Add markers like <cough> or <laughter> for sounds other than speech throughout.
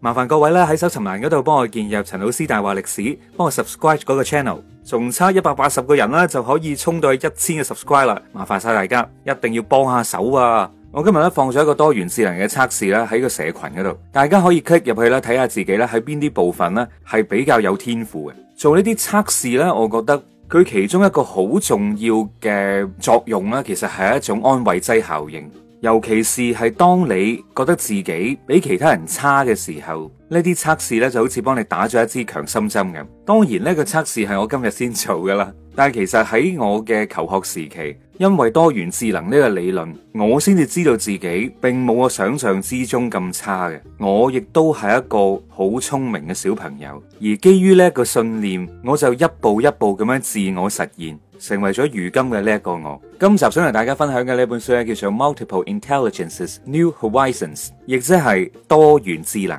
麻煩各位咧，喺搜尋欄嗰度幫我建入陳老師大話歷史，幫我 subscribe 嗰個 channel，仲差一百八十個人啦，就可以衝到一千個 subscribe 啦，麻煩晒大家，一定要幫下手啊！我今日咧，放咗一個多元智能嘅測試啦，喺個社群嗰度，大家可以 click 入去啦，睇下自己咧，喺邊啲部分呢，係比較有天賦嘅。做呢啲測試呢，我覺得佢其中一個好重要嘅作用呢，其實係一種安慰劑效應。尤其是係當你覺得自己比其他人差嘅時候。呢啲測試咧就好似幫你打咗一支強心針咁。當然呢，呢個測試係我今日先做㗎喇。但係其實喺我嘅求學時期，因為多元智能呢個理論，我先至知道自己並冇我想像之中咁差嘅。我亦都係一個好聰明嘅小朋友。而基於呢一個信念，我就一步一步咁樣自我實現，成為咗如今嘅呢一個我。今集想同大家分享嘅呢本書咧，叫做《Multiple Intelligences: New Horizons》，亦即係多元智能。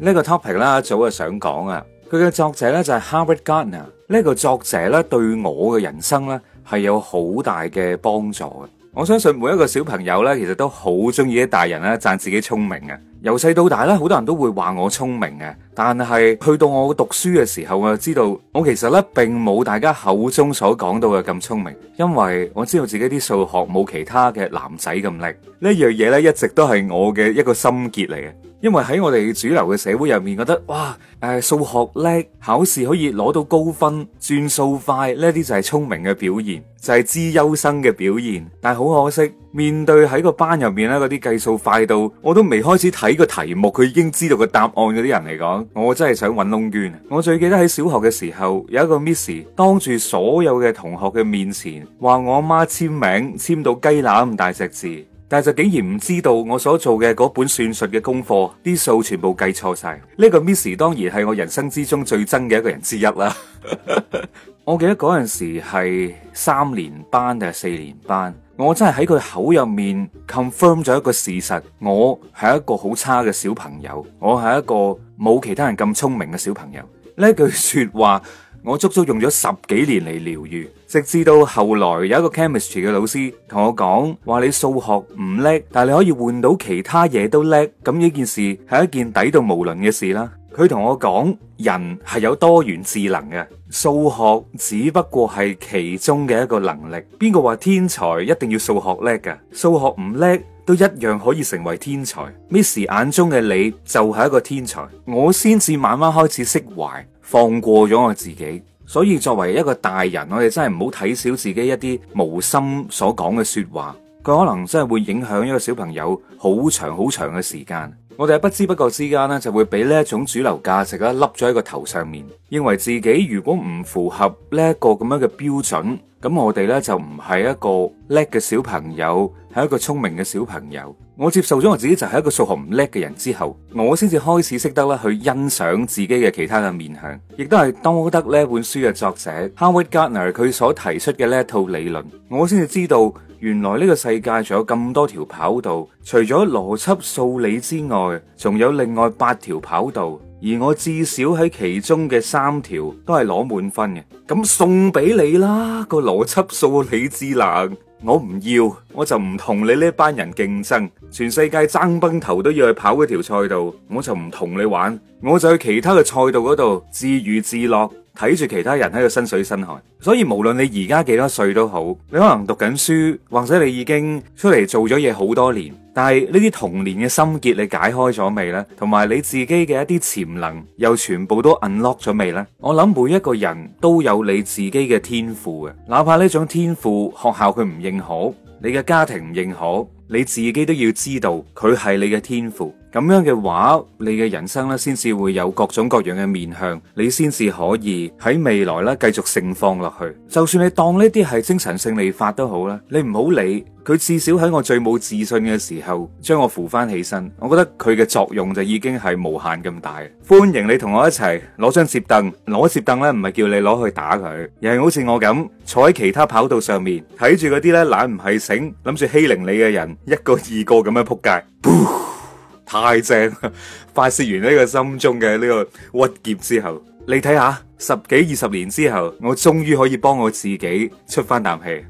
呢個 topic 啦，早就想講啊，佢嘅作者呢，就係 Howard Gardner。呢個作者呢，對我嘅人生呢，係有好大嘅幫助嘅。我相信每一個小朋友呢，其實都好中意啲大人呢讚自己聰明嘅。由細到大呢，好多人都會話我聰明嘅，但係去到我讀書嘅時候，我就知道我其實呢，並冇大家口中所講到嘅咁聰明，因為我知道自己啲數學冇其他嘅男仔咁叻。呢樣嘢呢，一直都係我嘅一個心結嚟嘅。因為喺我哋主流嘅社會入面，覺得哇，誒、呃，數學叻，考試可以攞到高分，轉數快，呢啲就係聰明嘅表現，就係、是、資優生嘅表現。但係好可惜，面對喺個班入面咧，嗰啲計數快到我都未開始睇個題目，佢已經知道個答案嗰啲人嚟講，我真係想搵窿捐。我最記得喺小學嘅時候，有一個 Miss 當住所有嘅同學嘅面前，話我媽簽名簽到雞乸咁大隻字。但係就竟然唔知道我所做嘅嗰本算術嘅功課啲數全部計錯晒，呢個 miss 當然係我人生之中最憎嘅一個人之一啦。 <laughs> 我記得嗰陣時係三年班定係四年班，我真係喺佢口入面 confirm 咗一個事實，我係一個好差嘅小朋友，我係一個冇其他人咁聰明嘅小朋友。呢一句說話。我足足用咗十幾年嚟療愈，直至到後來有一個 chemistry 嘅老師同我講話，你數學唔叻，但係你可以換到其他嘢都叻，咁呢件事係一件抵到無倫嘅事啦。佢同我講，人係有多元智能嘅，數學只不過係其中嘅一個能力。邊個話天才一定要數學叻㗎？數學唔叻。都一樣可以成為天才，Miss 眼中嘅你就係一個天才，我先至慢慢開始釋懷，放過咗我自己。所以作為一個大人，我哋真係唔好睇小自己一啲無心所講嘅說話，佢可能真係會影響一個小朋友好長好長嘅時間。我哋喺不知不覺之間呢，就會俾呢一種主流價值咧笠咗喺個頭上面，認為自己如果唔符合呢一個咁樣嘅標準。咁我哋呢就唔係一個叻嘅小朋友，係一個聰明嘅小朋友。我接受咗我自己就係一個數學唔叻嘅人之後，我先至開始識得咧去欣賞自己嘅其他嘅面向，亦都係多得呢本書嘅作者 Howard Gardner 佢所提出嘅呢一套理論，我先至知道原來呢個世界仲有咁多條跑道，除咗邏輯數理之外，仲有另外八條跑道。而我至少喺其中嘅三條都係攞滿分嘅，咁送俾你啦。個邏輯數理智能，我唔要，我就唔同你呢班人競爭。全世界爭崩頭都要去跑嗰條賽道，我就唔同你玩，我就去其他嘅賽道嗰度自娛自樂，睇住其他人喺度身水身汗。所以無論你而家幾多歲都好，你可能讀緊書，或者你已經出嚟做咗嘢好多年。但係呢啲童年嘅心結你解開咗未呢？同埋你自己嘅一啲潛能又全部都 unlock 咗未呢？我諗每一個人都有你自己嘅天賦嘅，哪怕呢種天賦學校佢唔認可，你嘅家庭唔認可，你自己都要知道佢係你嘅天賦。咁樣嘅話，你嘅人生咧，先至會有各種各樣嘅面向，你先至可以喺未來咧繼續盛放落去。就算你當呢啲係精神勝利法都好啦，你唔好理佢，至少喺我最冇自信嘅時候，將我扶翻起身，我覺得佢嘅作用就已經係無限咁大。歡迎你同我一齊攞張折凳，攞折凳呢，唔係叫你攞去打佢，而係好似我咁坐喺其他跑道上面睇住嗰啲呢懶唔係醒，諗住欺凌你嘅人，一個二個咁樣撲街。太正，發泄完呢個心中嘅呢個鬱結之後，你睇下十幾二十年之後，我終於可以幫我自己出翻啖氣。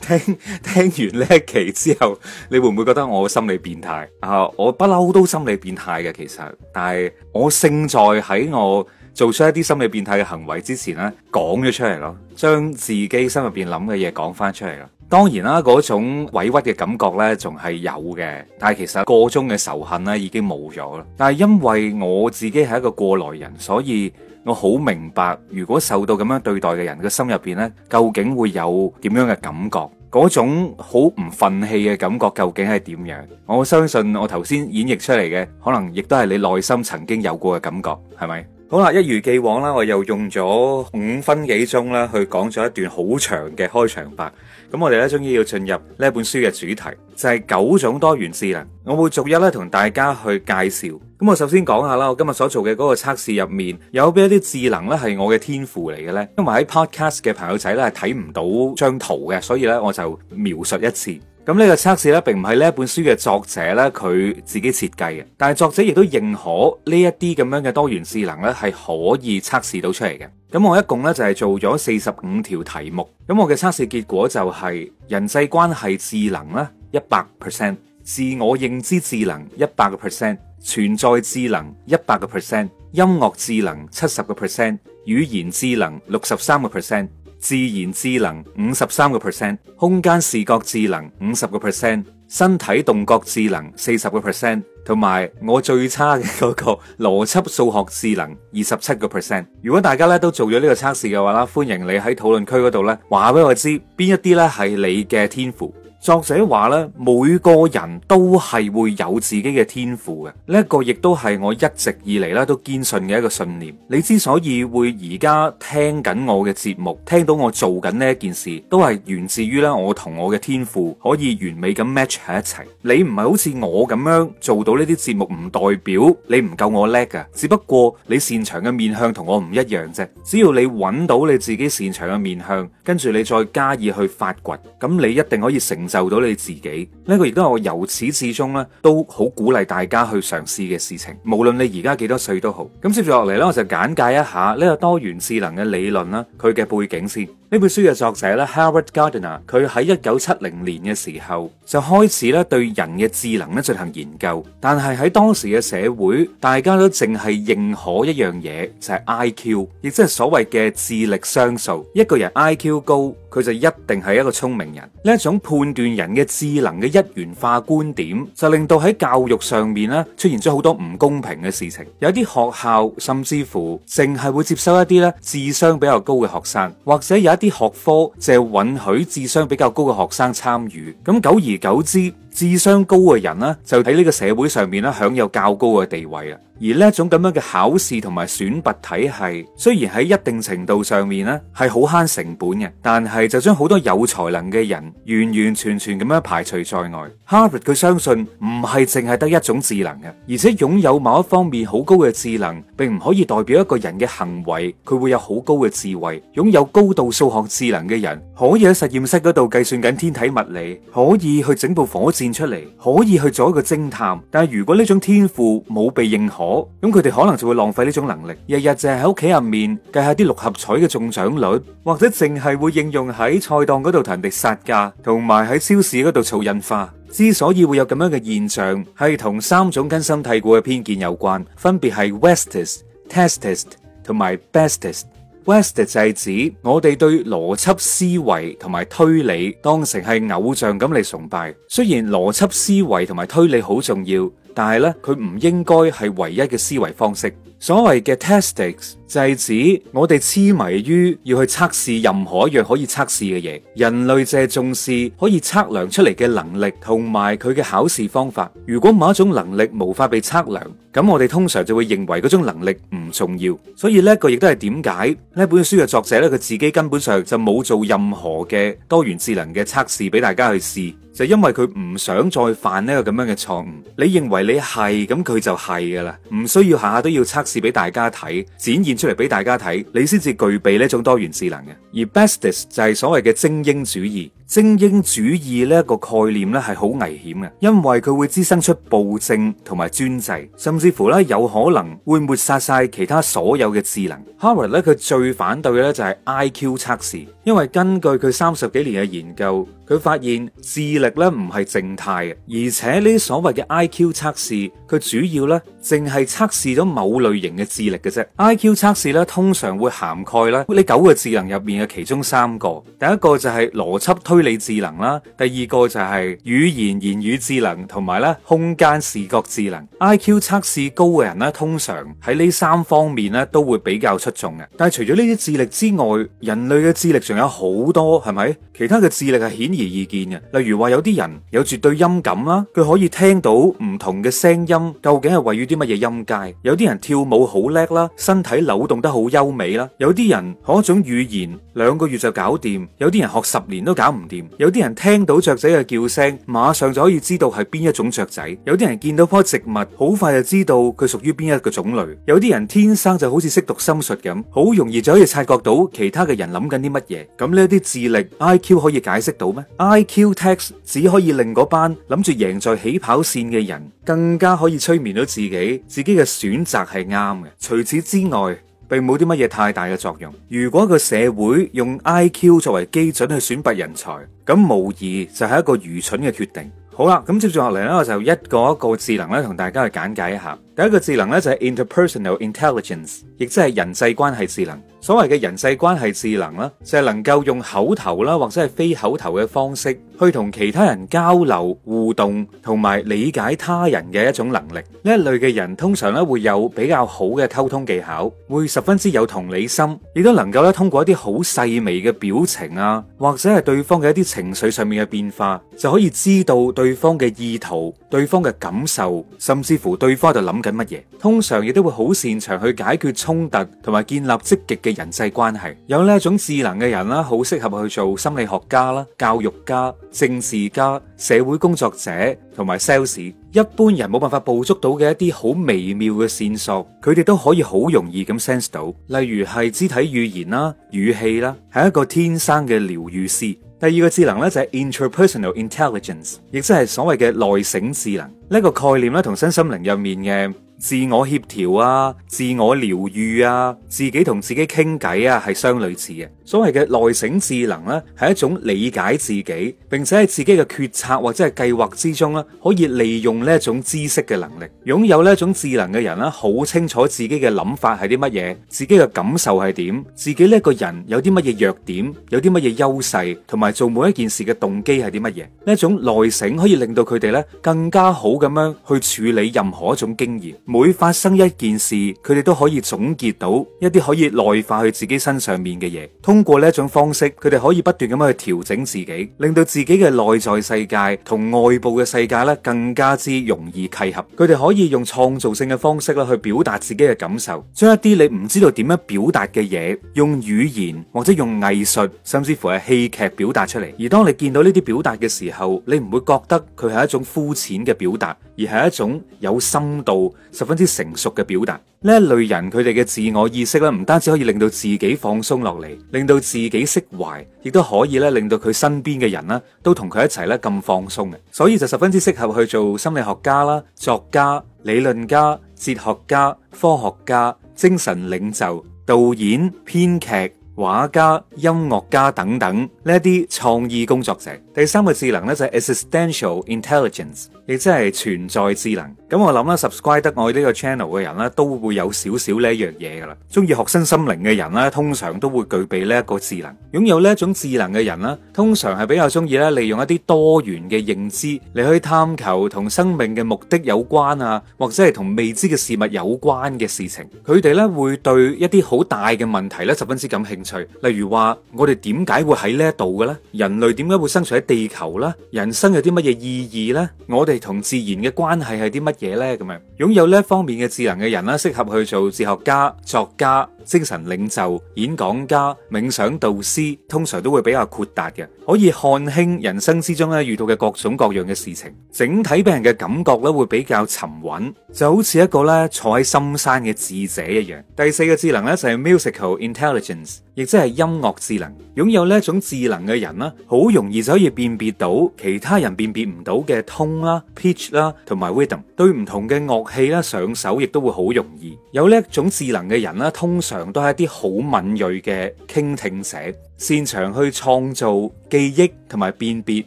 聽聽完呢一期之後，你會唔會覺得我心理變態啊？Uh, 我不嬲都心理變態嘅，其實，但係我勝在喺我，做出一啲心理變態嘅行為之前呢，講咗出嚟咯，將自己心入邊諗嘅嘢講翻出嚟啦。當然啦，嗰種委屈嘅感覺呢，仲係有嘅，但係其實個中嘅仇恨呢，已經冇咗啦。但係因為我自己係一個過來人，所以我好明白，如果受到咁樣對待嘅人嘅，那個，心入邊呢，究竟會有點樣嘅感覺？嗰種好唔忿氣嘅感覺究竟係點樣？我相信我頭先演繹出嚟嘅，可能亦都係你內心曾經有過嘅感覺，係咪？好啦，一如既往啦，我又用咗五分幾鐘啦，去講咗一段好長嘅開場白。咁我哋咧，終於要進入呢一本書嘅主題，就係九種多元智能。我會逐一咧同大家去介紹。咁我首先講下啦，我今日所做嘅嗰個測試入面，有邊一啲智能咧係我嘅天賦嚟嘅咧？因為喺 Podcast 嘅朋友仔咧係睇唔到張圖嘅，所以咧我就描述一次。咁呢個測試咧，並唔係呢一本書嘅作者咧，佢自己設計嘅。但係作者亦都認可呢一啲咁樣嘅多元智能咧，係可以測試到出嚟嘅。咁我一共咧就係做咗四十五條題目。咁我嘅測試結果就係人際關係智能啦，一百 percent，自我認知智能一百個 percent，存在智能一百個 percent，音樂智能七十個 percent，語言智能六十三個 percent。自然智能五十三個 percent，空間視覺智能五十個 percent，身體動覺智能四十個 percent，同埋我最差嘅嗰個邏輯數學智能二十七個 percent。如果大家咧都做咗呢個測試嘅話啦，歡迎你喺討論區嗰度咧話俾我知邊一啲咧係你嘅天賦。作者話咧，每個人都係會有自己嘅天賦嘅，呢一個亦都係我一直以嚟咧都堅信嘅一個信念。你之所以會而家聽緊我嘅節目，聽到我做緊呢一件事，都係源自於咧我同我嘅天賦可以完美咁 match 喺一齊。你唔係好似我咁樣做到呢啲節目，唔代表你唔夠我叻㗎，只不過你擅長嘅面向同我唔一樣啫。只要你揾到你自己擅長嘅面向，跟住你再加以去發掘，咁你一定可以成。就到你自己，呢個亦都係我由始至終咧都好鼓勵大家去嘗試嘅事情，無論你而家幾多歲都好。咁接住落嚟咧，我就簡介一下呢個多元智能嘅理論啦，佢嘅背景先。呢本書嘅作者咧，Howard Gardner，佢喺一九七零年嘅時候就開始咧對人嘅智能咧進行研究。但係喺當時嘅社會，大家都淨係認可一樣嘢，就係 IQ，亦即係所謂嘅智力商數。一個人 IQ 高，佢就一定係一個聰明人。呢一種判斷人嘅智能嘅一元化觀點，就令到喺教育上面咧出現咗好多唔公平嘅事情。有啲學校甚至乎淨係會接收一啲咧智商比較高嘅學生，或者有啲學科就係允許智商比較高嘅學生參與，咁久而久之，智商高嘅人咧，就喺呢個社會上面咧享有較高嘅地位啦。而呢一種咁樣嘅考試同埋選拔體系，雖然喺一定程度上面呢係好慳成本嘅，但係就將好多有才能嘅人完完全全咁樣排除在外。Harvard，佢相信唔係淨係得一種智能嘅，而且擁有某一方面好高嘅智能，並唔可以代表一個人嘅行為佢會有好高嘅智慧。擁有高度數學智能嘅人，可以喺實驗室嗰度計算緊天體物理，可以去整部火箭出嚟，可以去做一個偵探。但係如果呢種天賦冇被認可，咁佢哋可能就會浪費呢種能力，日日淨係喺屋企入面計下啲六合彩嘅中獎率，或者淨係會應用喺菜檔嗰度同人哋殺價，同埋喺超市嗰度儲印花。之所以會有咁樣嘅現象，係同三種根深蒂固嘅偏見有關，分別係 Westist、testist 同埋 bestist。Westist 就係指我哋對邏輯思維同埋推理當成係偶像咁嚟崇拜，雖然邏輯思維同埋推理好重要。但係咧，佢唔應該係唯一嘅思維方式。所謂嘅 testics 就係指我哋痴迷於要去測試任何一樣可以測試嘅嘢。人類就係重視可以測量出嚟嘅能力，同埋佢嘅考試方法。如果某一種能力無法被測量，咁我哋通常就會認為嗰種能力唔重要。所以呢一個亦都係點解呢本書嘅作者咧，佢自己根本上就冇做任何嘅多元智能嘅測試俾大家去試。就因為佢唔想再犯呢個咁樣嘅錯誤，你認為你係咁佢就係噶啦，唔需要下下都要測試俾大家睇，展現出嚟俾大家睇，你先至具備呢種多元智能嘅。而 Bestis 就係所謂嘅精英主義。精英主義呢一個概念呢係好危險嘅，因為佢會滋生出暴政同埋專制，甚至乎呢有可能會抹殺晒其他所有嘅智能。h r 哈瑞咧佢最反對嘅呢就係 I.Q. 測試，因為根據佢三十幾年嘅研究，佢發現智力呢唔係靜態嘅，而且呢所謂嘅 I.Q. 測試，佢主要呢淨係測試咗某類型嘅智力嘅啫。I.Q. 測試呢通常會涵蓋咧呢九個智能入面嘅其中三個，第一個就係邏輯推。推理智能啦，第二個就係語言言語智能，同埋咧空間視覺智能。I.Q. 測試高嘅人咧，通常喺呢三方面咧都會比較出眾嘅。但係除咗呢啲智力之外，人類嘅智力仲有好多，係咪？其他嘅智力係顯而易見嘅。例如話有啲人有絕對音感啦，佢可以聽到唔同嘅聲音究竟係位於啲乜嘢音階。有啲人跳舞好叻啦，身體扭動得好優美啦。有啲人學一種語言兩個月就搞掂，有啲人學十年都搞唔。有啲人聽到雀仔嘅叫聲，馬上就可以知道係邊一種雀仔；有啲人見到棵植物，好快就知道佢屬於邊一個種類；有啲人天生就好似識讀心術咁，好容易就可以察覺到其他嘅人諗緊啲乜嘢。咁呢啲智力 I Q 可以解釋到咩？IQ test 只可以令嗰班諗住贏在起跑線嘅人更加可以催眠到自己，自己嘅選擇係啱嘅。除此之外，並冇啲乜嘢太大嘅作用。如果個社會用 IQ 作為基準去選拔人才，咁無疑就係一個愚蠢嘅決定。好啦，咁接住落嚟呢，我就一個一個智能咧，同大家去簡介一下。第一個智能咧就係 interpersonal intelligence，亦即係人際關係智能。所謂嘅人際關係智能咧，就係能夠用口頭啦，或者係非口頭嘅方式，去同其他人交流、互動同埋理解他人嘅一種能力。呢一類嘅人通常咧會有比較好嘅溝通技巧，會十分之有同理心，亦都能夠咧通過一啲好細微嘅表情啊，或者係對方嘅一啲情緒上面嘅變化，就可以知道對方嘅意圖、對方嘅感受，甚至乎對方喺度諗緊乜嘢通常亦都會好擅長去解決衝突同埋建立積極嘅人際關係，有呢一種智能嘅人啦，好適合去做心理學家啦、教育家、政治家、社會工作者同埋 sales。一般人冇辦法捕捉到嘅一啲好微妙嘅線索，佢哋都可以好容易咁 sense 到，例如係肢體語言啦、語氣啦，係一個天生嘅療愈師。第二個智能咧就係 intrapersonal intelligence，亦即係所謂嘅內省智能，呢個概念咧，同身心靈入面嘅自我協調啊，自我療愈啊，自己同自己傾偈啊，係相類似嘅。所謂嘅內省智能呢，係一種理解自己，並且喺自己嘅決策或者係計劃之中呢，可以利用呢一種知識嘅能力。擁有呢一種智能嘅人呢，好清楚自己嘅諗法係啲乜嘢，自己嘅感受係點，自己呢一個人有啲乜嘢弱點，有啲乜嘢優勢，同埋做每一件事嘅動機係啲乜嘢。呢一種內省可以令到佢哋呢更加好咁樣去處理任何一種經驗。每發生一件事，佢哋都可以總結到一啲可以內化去自己身上面嘅嘢。通過呢一種方式，佢哋可以不斷咁樣去調整自己，令到自己嘅內在世界同外部嘅世界咧更加之容易契合。佢哋可以用創造性嘅方式咧去表達自己嘅感受，將一啲你唔知道點樣表達嘅嘢，用語言或者用藝術，甚至乎係戲劇表達出嚟。而當你見到呢啲表達嘅時候，你唔會覺得佢係一種膚淺嘅表達，而係一種有深度，十分之成熟嘅表達，呢一類人佢哋嘅自我意識咧，唔單止可以令到自己放鬆落嚟，令到自己釋懷，亦都可以咧令到佢身邊嘅人啦，都同佢一齊咧咁放鬆嘅。所以就十分之適合去做心理學家啦、作家、理論家、哲學家、科學家、精神領袖、導演、編劇、畫家、音樂家等等呢一啲創意工作者。第三個智能呢，就係 existential intelligence。亦即係存在智能，咁我諗啦，subscribe 得我呢個 channel 嘅人咧，都會有少少呢一樣嘢噶啦。中意學生心靈嘅人咧，通常都會具備呢一個智能。擁有呢一種智能嘅人咧，通常係比較中意咧利用一啲多元嘅認知嚟去探求同生命嘅目的有關啊，或者係同未知嘅事物有關嘅事情。佢哋咧會對一啲好大嘅問題咧十分之感興趣，例如話我哋點解會喺呢一度嘅咧？人類點解會生存喺地球咧？人生有啲乜嘢意義咧？我哋同自然嘅關係係啲乜嘢咧？咁樣擁有呢一方面嘅智能嘅人咧，適合去做哲學家、作家。精神領袖、演講家、冥想導師，通常都會比較闊達嘅，可以看輕人生之中咧遇到嘅各種各樣嘅事情。整體俾人嘅感覺咧會比較沉穩，就好似一個咧坐喺深山嘅智者一樣。第四個智能咧就係、是、musical intelligence，亦即係音樂智能。擁有呢一種智能嘅人啦，好容易就可以辨別到其他人辨別唔到嘅通啦、pitch 啦同埋 rhythm 對唔同嘅樂器啦上手亦都會好容易。有呢一種智能嘅人啦，通常。都係一啲好敏銳嘅傾聽者，擅長去創造記憶同埋辨別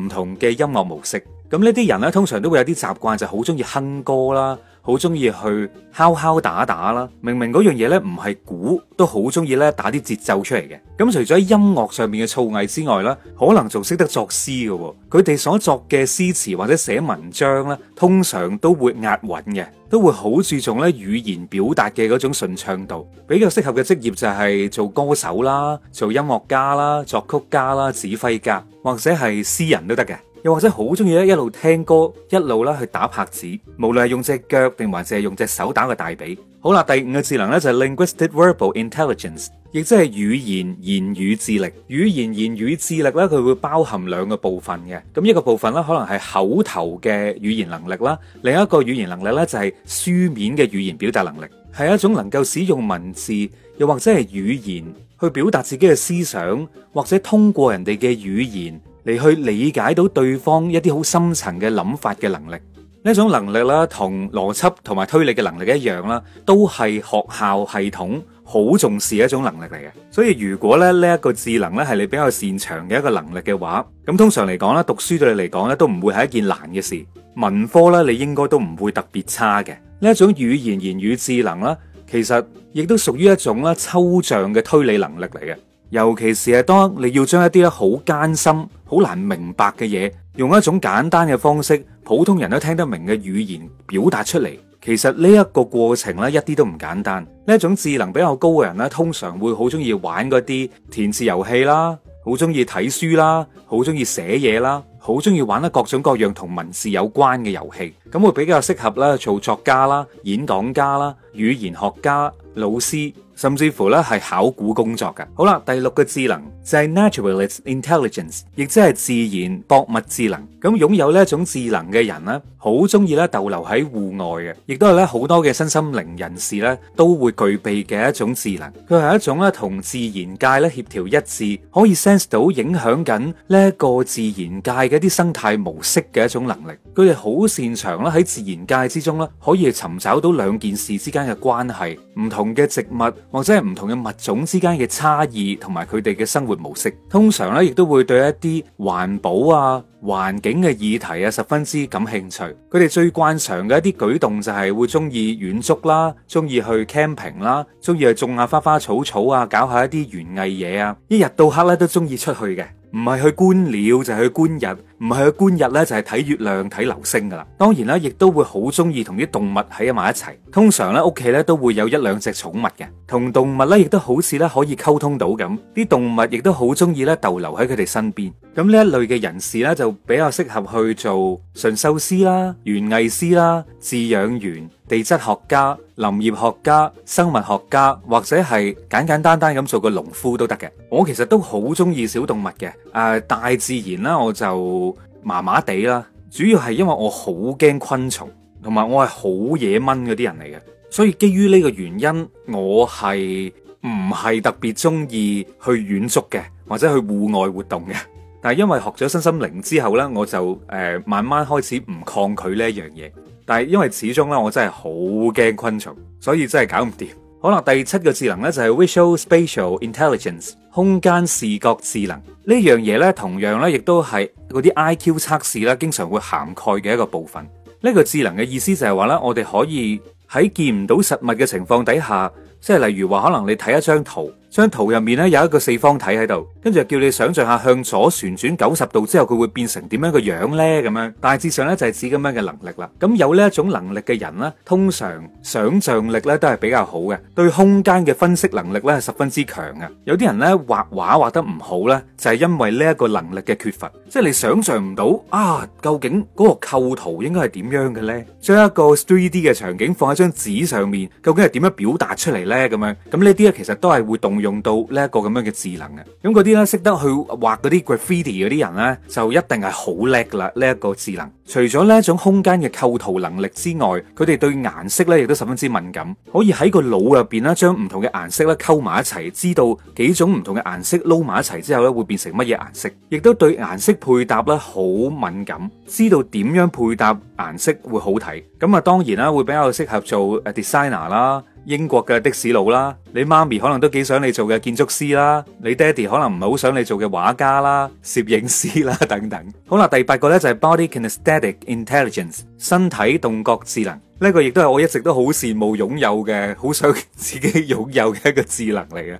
唔同嘅音樂模式。咁呢啲人咧，通常都會有啲習慣，就好中意哼歌啦。好中意去敲敲打打啦，明明嗰樣嘢呢唔係鼓，都好中意呢打啲節奏出嚟嘅。咁除咗音樂上面嘅造詣之外啦，可能仲識得作詩嘅。佢哋所作嘅詩詞或者寫文章咧，通常都會押韻嘅，都會好注重呢語言表達嘅嗰種順暢度。比較適合嘅職業就係做歌手啦、做音樂家啦、作曲家啦、指揮家或者係詩人都得嘅。又或者好中意咧，一路聽歌，一路咧去打拍子，無論係用隻腳定還是用隻手打個大髀。好啦，第五個智能咧就係 Linguistic Verbal Intelligence，亦即係語言言語智力。語言言語智力咧，佢會包含兩個部分嘅。咁一個部分咧，可能係口頭嘅語言能力啦，另一個語言能力咧就係書面嘅語言表達能力，係一種能夠使用文字又或者係語言去表達自己嘅思想，或者通過人哋嘅語言嚟去理解到對方一啲好深層嘅諗法嘅能力，呢一種能力啦，同邏輯同埋推理嘅能力一樣啦，都係學校系統好重視一種能力嚟嘅。所以如果咧呢一個智能咧係你比較擅長嘅一個能力嘅話，咁通常嚟講咧讀書對你嚟講咧都唔會係一件難嘅事。文科呢，你應該都唔會特別差嘅。呢一種語言言語智能啦，其實亦都屬於一種咧抽象嘅推理能力嚟嘅。尤其是係當你要將一啲咧好艱深、好難明白嘅嘢，用一種簡單嘅方式、普通人都聽得明嘅語言表達出嚟，其實呢一個過程咧一啲都唔簡單。呢一種智能比較高嘅人咧，通常會好中意玩嗰啲填字遊戲啦，好中意睇書啦，好中意寫嘢啦，好中意玩得各種各樣同文字有關嘅遊戲。咁會比較適合咧做作家啦、演講家啦、語言學家、老師。甚至乎咧係考古工作嘅。好啦，第六個智能就係 Naturalist Intelligence，亦即係自然博物智能。咁擁有呢一種智能嘅人咧，好中意咧逗留喺戶外嘅，亦都係咧好多嘅身心靈人士咧都會具備嘅一種智能。佢係一種咧同自然界咧協調一致，可以 sense 到影響緊呢一個自然界嘅一啲生態模式嘅一種能力。佢哋好擅長咧喺自然界之中咧可以尋找到兩件事之間嘅關係，唔同嘅植物。或者係唔同嘅物種之間嘅差異，同埋佢哋嘅生活模式，通常咧亦都會對一啲環保啊、環境嘅議題啊十分之感興趣。佢哋最慣常嘅一啲舉動就係會中意遠足啦，中意去 camping 啦，中意去種下花花草草啊，搞下一啲園藝嘢啊，一日到黑咧都中意出去嘅。唔係去觀鳥就係去觀日，唔係去觀日咧就係睇月亮、睇流星噶啦。當然啦，亦都會好中意同啲動物喺埋一齊。通常咧屋企咧都會有一兩隻寵物嘅，同動物咧亦都好似咧可以溝通到咁。啲動物亦都好中意咧逗留喺佢哋身邊。咁呢一類嘅人士咧就比較適合去做馴獸師啦、園藝師啦、飼養員。地質學家、林業學家、生物學家，或者係簡簡單單咁做個農夫都得嘅。我其實都好中意小動物嘅。誒、呃，大自然啦，我就麻麻地啦。主要係因為我好驚昆蟲，同埋我係好惹蚊嗰啲人嚟嘅。所以基於呢個原因，我係唔係特別中意去遠足嘅，或者去戶外活動嘅。但係因為學咗身心靈之後呢，我就誒、呃、慢慢開始唔抗拒呢一樣嘢。但係因為始終啦，我真係好驚昆蟲，所以真係搞唔掂。可能第七個智能呢，就係 Visual Spatial Intelligence，空間視覺智能呢樣嘢呢，同樣呢，亦都係嗰啲 IQ 測試啦，經常會涵蓋嘅一個部分。呢個智能嘅意思就係話呢，我哋可以喺見唔到實物嘅情況底下，即係例如話可能你睇一張圖。張圖入面咧有一個四方體喺度，跟住叫你想象下向左旋轉九十度之後，佢會變成點樣個樣呢？咁樣大致上咧就係指咁樣嘅能力啦。咁有呢一種能力嘅人咧，通常想象力咧都係比較好嘅，對空間嘅分析能力咧係十分之強嘅。有啲人咧畫畫畫畫得唔好咧，就係因為呢一個能力嘅缺乏，即係你想象唔到啊，究竟嗰個構圖應該係點樣嘅呢？將一個 three D 嘅場景放喺張紙上面，究竟係點樣表達出嚟呢？咁樣咁呢啲咧，其實都係會動用到呢一個咁樣嘅智能嘅，咁嗰啲咧識得去畫嗰啲 graffiti 嗰啲人呢，就一定係好叻啦！呢一個智能，除咗呢一種空間嘅構圖能力之外，佢哋對顏色呢亦都十分之敏感，可以喺個腦入邊咧將唔同嘅顏色咧溝埋一齊，知道幾種唔同嘅顏色撈埋一齊之後咧會變成乜嘢顏色，亦都對顏色配搭咧好敏感，知道點樣配搭顏色會好睇。咁啊，當然啦，會比較適合做誒 designer 啦。英國嘅的，的士佬啦，你媽咪可能都幾想你做嘅建築師啦，你爹哋可能唔係好想你做嘅畫家啦、攝影師啦等等。好啦，第八個呢就係 Body Kinesthetic Intelligence，身體動覺智能。呢、這個亦都係我一直都好羨慕擁有嘅，好想自己擁有嘅一個智能嚟嘅，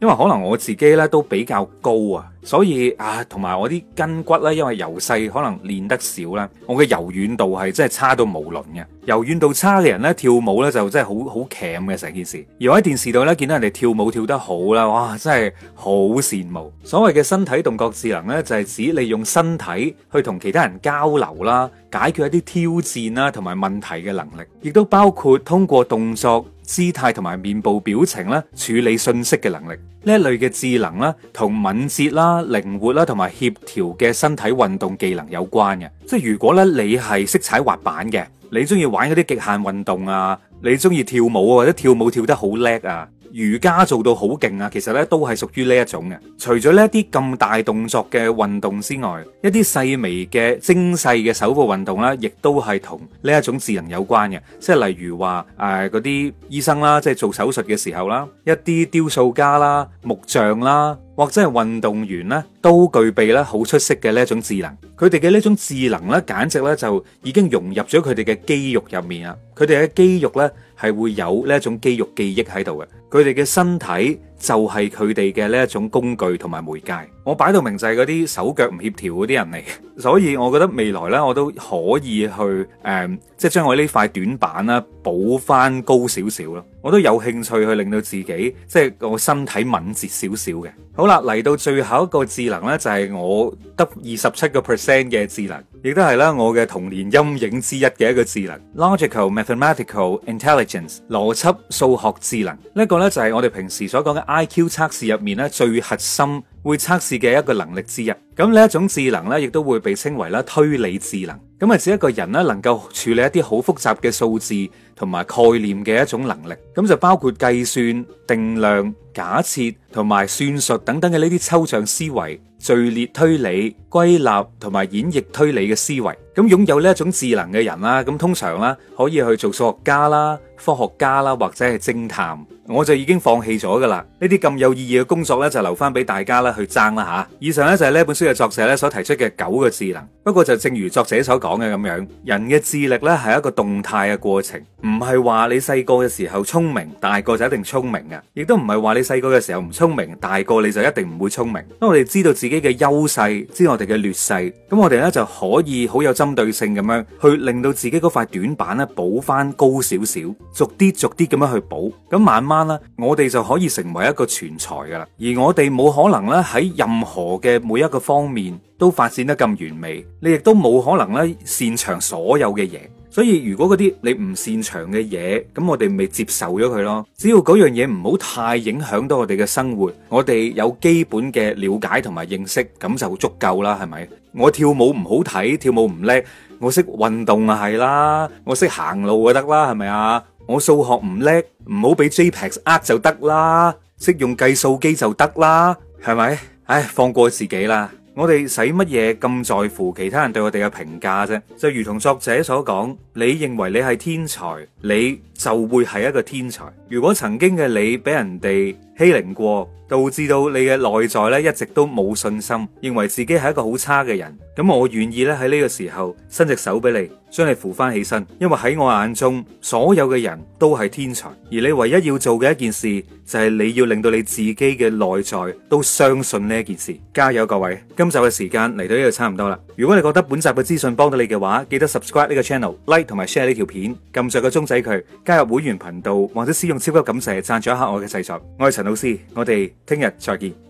因為可能我自己呢都比較高啊。所以啊，同埋我啲筋骨咧，因為由細可能練得少啦，我嘅柔軟度係真係差到無論嘅。柔軟度差嘅人咧，跳舞咧就真係好好鉗嘅成件事。而我喺電視度咧，見到人哋跳舞跳得好啦，哇，真係好羨慕。所謂嘅身體動覺智能咧，就係指利用身體去同其他人交流啦，解決一啲挑戰啦同埋問題嘅能力，亦都包括通過動作、姿態同埋面部表情啦處理信息嘅能力。呢一類嘅智能啦，同敏捷啦、靈活啦同埋協調嘅身體運動技能有關嘅。即係如果咧，你係識踩滑板嘅，你中意玩嗰啲極限運動啊，你中意跳舞啊，或者跳舞跳得好叻啊。瑜伽做到好勁啊！其實呢都係屬於呢一種嘅。除咗呢啲咁大動作嘅運動之外，一啲細微嘅精細嘅手部運動啦，亦都係同呢一種智能有關嘅。即係例如話誒嗰啲醫生啦，即係做手術嘅時候啦，一啲雕塑家啦、木匠啦。或者係運動員咧，都具備咧好出色嘅呢一種智能。佢哋嘅呢一種智能咧，簡直咧就已經融入咗佢哋嘅肌肉入面啦。佢哋嘅肌肉咧係會有呢一種肌肉記憶喺度嘅。佢哋嘅身體就係佢哋嘅呢一種工具同埋媒介。我擺到明就係嗰啲手腳唔協調嗰啲人嚟。 <laughs> 所以我覺得未來呢，我都可以去誒、嗯，即係將我呢塊短板咧，補翻高少少咯。我都有興趣去令到自己即係我身體敏捷少少嘅。好啦，嚟到最後一個智能呢，就係、是，我得二十七個 percent 嘅智能，亦都係咧我嘅童年陰影之一嘅一個智能。Logical mathematical intelligence，邏輯數學智能、這個、呢一個咧就係、是，我哋平時所講嘅 IQ 測試入面呢最核心。會測試嘅一個能力之一，咁呢一種智能咧，亦都會被稱為啦推理智能。咁啊，指一個人啦，能夠處理一啲好複雜嘅數字同埋概念嘅一種能力。咁就包括計算、定量、假設同埋算術等等嘅呢啲抽象思維、序列推理、歸納同埋演繹推理嘅思維。咁擁有呢一種智能嘅人啦，咁通常啦可以去做數學家啦、科學家啦或者係偵探。我就已經放棄咗噶啦，呢啲咁有意義嘅工作咧就留翻俾大家咧去爭啦吓。以上咧就係呢本書嘅作者咧所提出嘅九個智能。不過就正如作者所講嘅咁樣，人嘅智力咧係一個動態嘅過程，唔係話你細個嘅時候聰明，大個就一定聰明嘅。亦都唔係話你細個嘅時候唔聰明，大個你就一定唔會聰明。當我哋知道自己嘅優勢，知我哋嘅劣勢，咁我哋咧就可以好有針對性咁樣去令到自己嗰塊短板咧補翻高少少，逐啲逐啲咁樣去補，咁慢慢。我哋就可以成為一個全才噶啦。而我哋冇可能咧喺任何嘅每一個方面都發展得咁完美，你亦都冇可能咧擅長所有嘅嘢。所以如果嗰啲你唔擅長嘅嘢，咁我哋咪接受咗佢咯。只要嗰樣嘢唔好太影響到我哋嘅生活，我哋有基本嘅了解同埋認識，咁就足夠啦，係咪？我跳舞唔好睇，跳舞唔叻，我識運動啊，係啦，我識行路就得啦，係咪啊？我數學唔叻，唔好俾 JPEX 呃就得啦，識用計數機就得啦，係咪？唉，放過自己啦。我哋使乜嘢咁在乎其他人對我哋嘅評價啫？就如同作者所講，你認為你係天才，你。就會係一個天才。如果曾經嘅你俾人哋欺凌過，導致到你嘅內在咧一直都冇信心，認為自己係一個好差嘅人，咁我願意咧喺呢個時候伸隻手俾你，將你扶翻起身。因為喺我眼中，所有嘅人都係天才。而你唯一要做嘅一件事，就係你要令到你自己嘅內在都相信呢一件事。加油，各位！今集嘅時間嚟到呢度差唔多啦。如果你覺得本集嘅資訊幫到你嘅話，記得 subscribe 呢個 channel，like 同埋 share 呢條片，撳着個鐘仔佢。加入會員頻道，或者使用超級感謝贊助一下我嘅製作，我係陳老 C，我哋聽日再見。